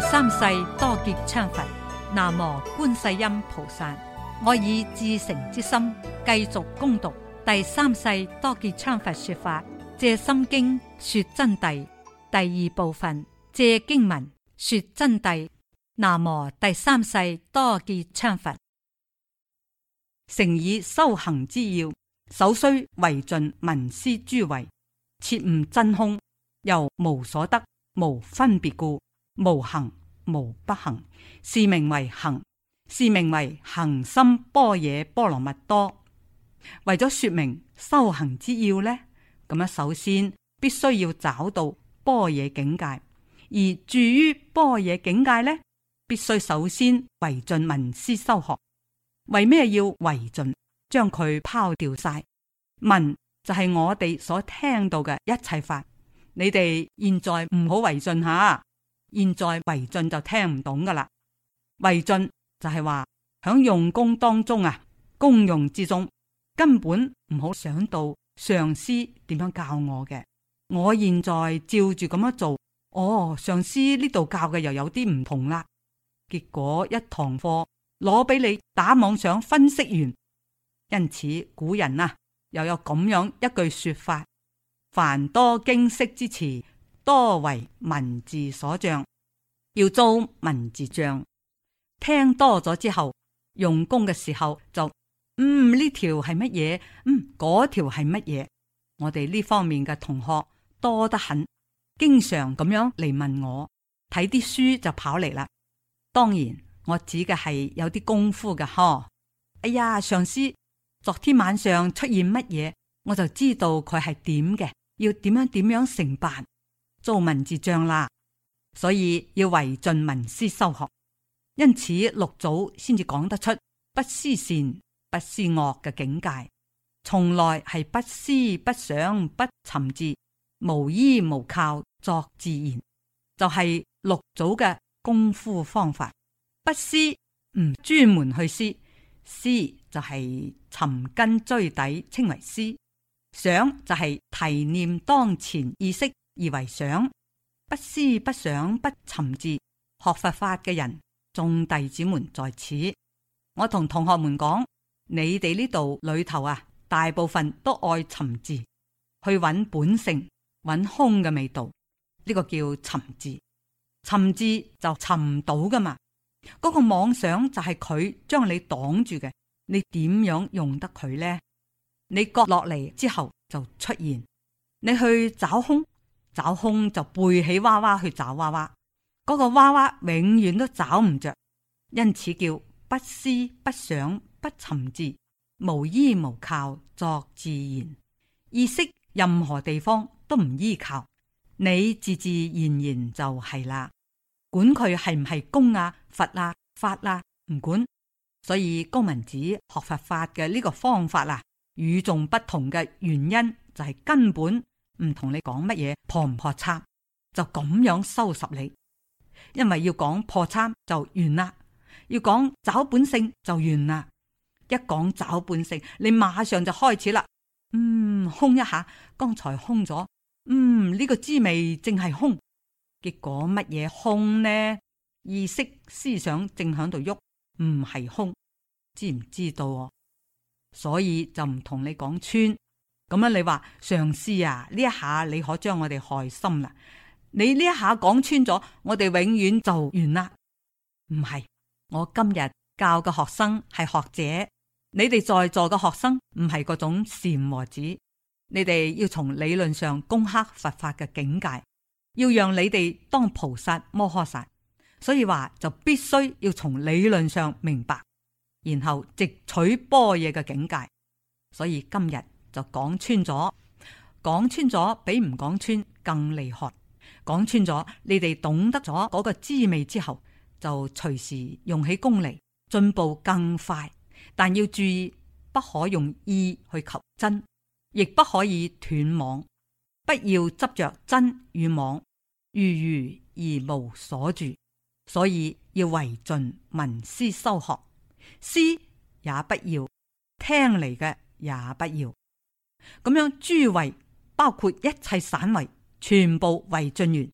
第三世多杰羌佛，南無觀世音菩薩。我以至誠之心，繼續攻讀第三世多杰羌佛說法《藉心經》說真諦第二部分《藉經文說真諦》，南無第三世多杰羌佛。誠以修行之要，首須為盡文思諸位，切悟真空，由無所得，無分別故，無行。無不行，是名為行，是名為行心般若波羅蜜多。為咗說明修行之要呢，咁樣，首先必須要找到般若境界，而住於般若境界呢，必須首先為盡聞思修學。為咩要為盡？將佢拋掉晒。聞就係我哋所聽到嘅一切法。你哋現在唔好為盡吓。現在魏晉就聽唔懂噶啦，魏晉就係話響用功當中啊，功用之中根本唔好想到上司點樣教我嘅，我現在照住咁樣做，哦，上司呢度教嘅又有啲唔同啦，結果一堂課攞俾你打網上分析完，因此古人啊又有咁樣一句說法：凡多驚識之詞。多為文字所障，要做文字障。聽多咗之後，用功嘅時候就，嗯呢條係乜嘢？嗯，嗰條係乜嘢？我哋呢方面嘅同學多得很，經常咁樣嚟問我，睇啲書就跑嚟啦。當然，我指嘅係有啲功夫嘅，嗬。哎呀，上司昨天晚上出現乜嘢，我就知道佢係點嘅，要點樣點樣成辦。做文字障啦，所以要為盡聞思修學，因此六祖先至講得出不思善不思惡嘅境界，從來係不思不想不尋自，無依無靠作自然，就係、是、六祖嘅功夫方法。不思唔專門去思，思就係尋根追底稱為思，想就係提念當前意識。而為想，不思不想不尋字，學佛法嘅人，眾弟子們在此，我同同學們講，你哋呢度裏頭啊，大部分都愛尋字，去揾本性，揾空嘅味道，呢、這個叫尋字，尋字就尋唔到噶嘛，嗰、那個妄想就係佢將你擋住嘅，你點樣用得佢呢？你割落嚟之後就出現，你去找空。找空就背起娃娃去找娃娃，嗰個娃娃永遠都找唔着，因此叫不思不想不沉着，無依無靠作自然意識，任何地方都唔依靠，你自自然然就係啦，管佢係唔係公啊佛啊法啊唔管，所以高文子學佛法嘅呢個方法啦，與眾不同嘅原因就係根本。唔同你講乜嘢破唔破參就咁樣收拾你，因為要講破參就完啦，要講找本性就完啦。一講找本性，你馬上就開始啦。嗯，空一下，剛才空咗，嗯，呢個滋味正係空。結果乜嘢空呢？意識思想正響度喐，唔係空，知唔知道？所以就唔同你講穿。咁樣你話上司啊？呢一下你可將我哋害心啦！你呢一下講穿咗，我哋永遠就完啦。唔係，我今日教嘅學生係學者，你哋在座嘅學生唔係嗰種禪和子。你哋要從理論上攻克佛法嘅境界，要讓你哋當菩薩摩訶薩。所以話就必須要從理論上明白，然後直取般若嘅境界。所以今日。就講穿咗，講穿咗比唔講穿更厲害。講穿咗，你哋懂得咗嗰個滋味之後，就隨時用起功嚟，進步更快。但要注意，不可用意去求真，亦不可以斷妄，不要執着真與妄，如如而無所住。所以要為盡聞思修學，思也不要，聽嚟嘅也不要。咁樣諸為包括一切散為，全部為盡完，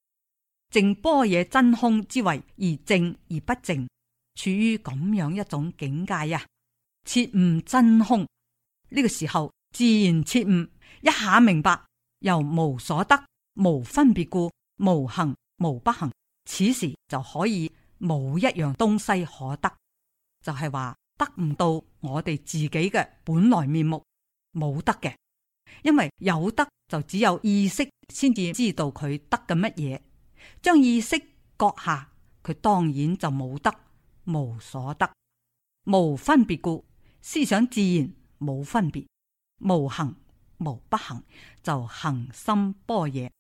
淨般若真空之為而淨而不淨，處於咁樣一種境界呀。切悟真空呢個時候，自然切悟，一下明白，由無所得，無分別故，無行無不行。此時就可以冇一樣東西可得，就係話得唔到我哋自己嘅本來面目，冇得嘅。因為有得就只有意識先至知道佢得嘅乜嘢，將意識割下，佢當然就冇得，無所得，無分別故，思想自然冇分別，無行無不行，就行心般若。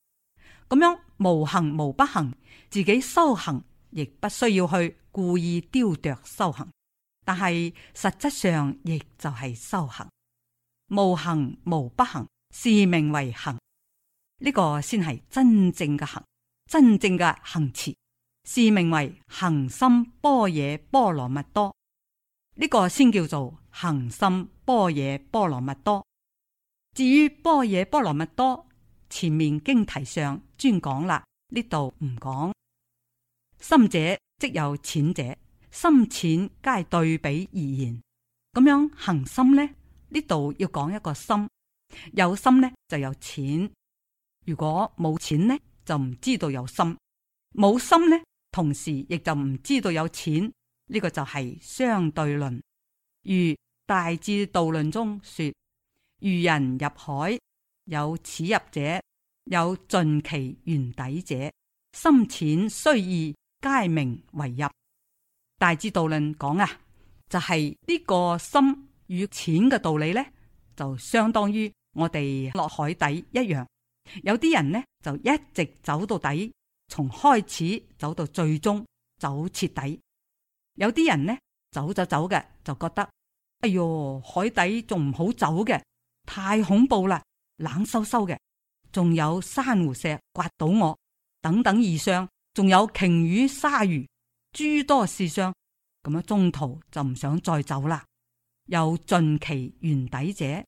咁樣無行無不行，自己修行亦不需要去故意雕琢修行，但係實質上亦就係修行。無行無不行，是名為行，呢、這個先係真正嘅行，真正嘅行持，是名為行深般若波羅蜜多，呢、這個先叫做行深般若波羅蜜多。至於般若波羅蜜多前面經題上專講啦，呢度唔講。深者即有淺者，深淺皆係對比而言，咁樣行深呢？呢度要講一個心，有心呢就有錢；如果冇錢呢，就唔知道有心；冇心呢，同時亦就唔知道有錢。呢、這個就係相對論。如《大智度論》中說：如人入海，有始入者，有盡其源底者；深淺雖異，皆名為入。《大智度論》講啊，就係、是、呢個心。與錢嘅道理咧，就相當於我哋落海底一樣。有啲人呢，就一直走到底，從開始走到最終，走徹底；有啲人呢，走走走嘅，就覺得：哎喲，海底仲唔好走嘅，太恐怖啦，冷颼颼嘅，仲有珊瑚石刮到我，等等異相，仲有鯨魚、鯊魚，諸多事相，咁樣中途就唔想再走啦。有盡其原底者，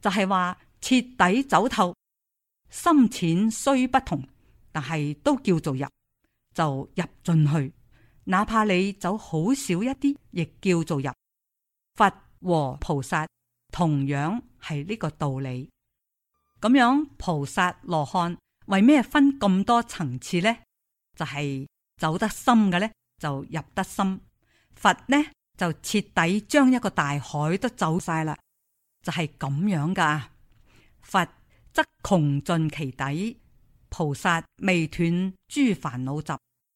就係話徹底走透。深淺雖不同，但係都叫做入，就入進去。哪怕你走好少一啲，亦叫做入。佛和菩薩同樣係呢個道理。咁樣菩薩羅漢為咩分咁多層次呢？就係走得深嘅呢，就入得深。佛呢？就徹底將一個大海都走晒啦，就係、是、咁樣噶佛則窮盡其底，菩薩未斷諸煩惱集，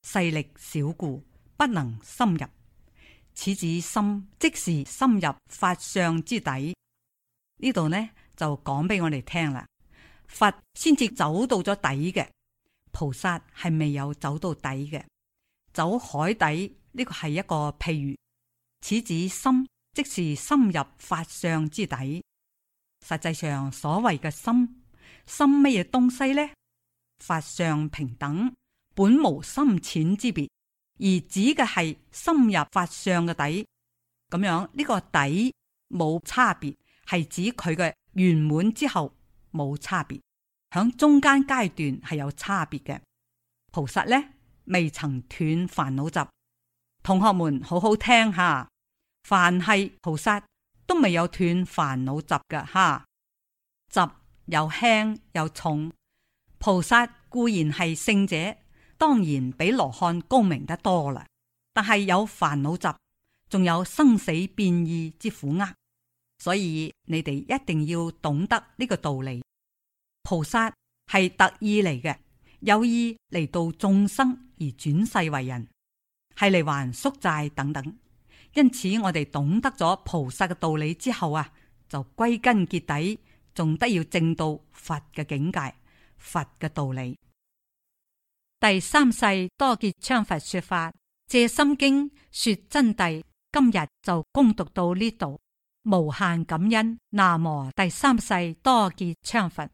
勢力小故不能深入。此指深，即是深入法相之底。呢度呢就講俾我哋聽啦，佛先至走到咗底嘅，菩薩係未有走到底嘅。走海底呢、這個係一個譬如。此指心，即是深入法相之底。實際上，所謂嘅心，心乜嘢東西呢？法相平等，本無深淺之別，而指嘅係深入法相嘅底。咁樣呢、呢個底冇差別，係指佢嘅圓滿之後冇差別。響中間階段係有差別嘅。菩薩呢未曾斷煩惱集，同學們好好聽下。凡係菩薩都未有斷煩惱習嘅哈，習又輕又重。菩薩固然係聖者，當然比羅漢高明得多啦。但係有煩惱習，仲有生死變異之苦厄，所以你哋一定要懂得呢個道理。菩薩係特意嚟嘅，有意嚟到眾生而轉世為人，係嚟還宿債等等。因此，我哋懂得咗菩薩嘅道理之後啊，就歸根結底仲得要證到佛嘅境界、佛嘅道理。第三世多杰羌佛說法《藉心經》說真諦，今日就恭讀到呢度，無限感恩。南無第三世多杰羌佛。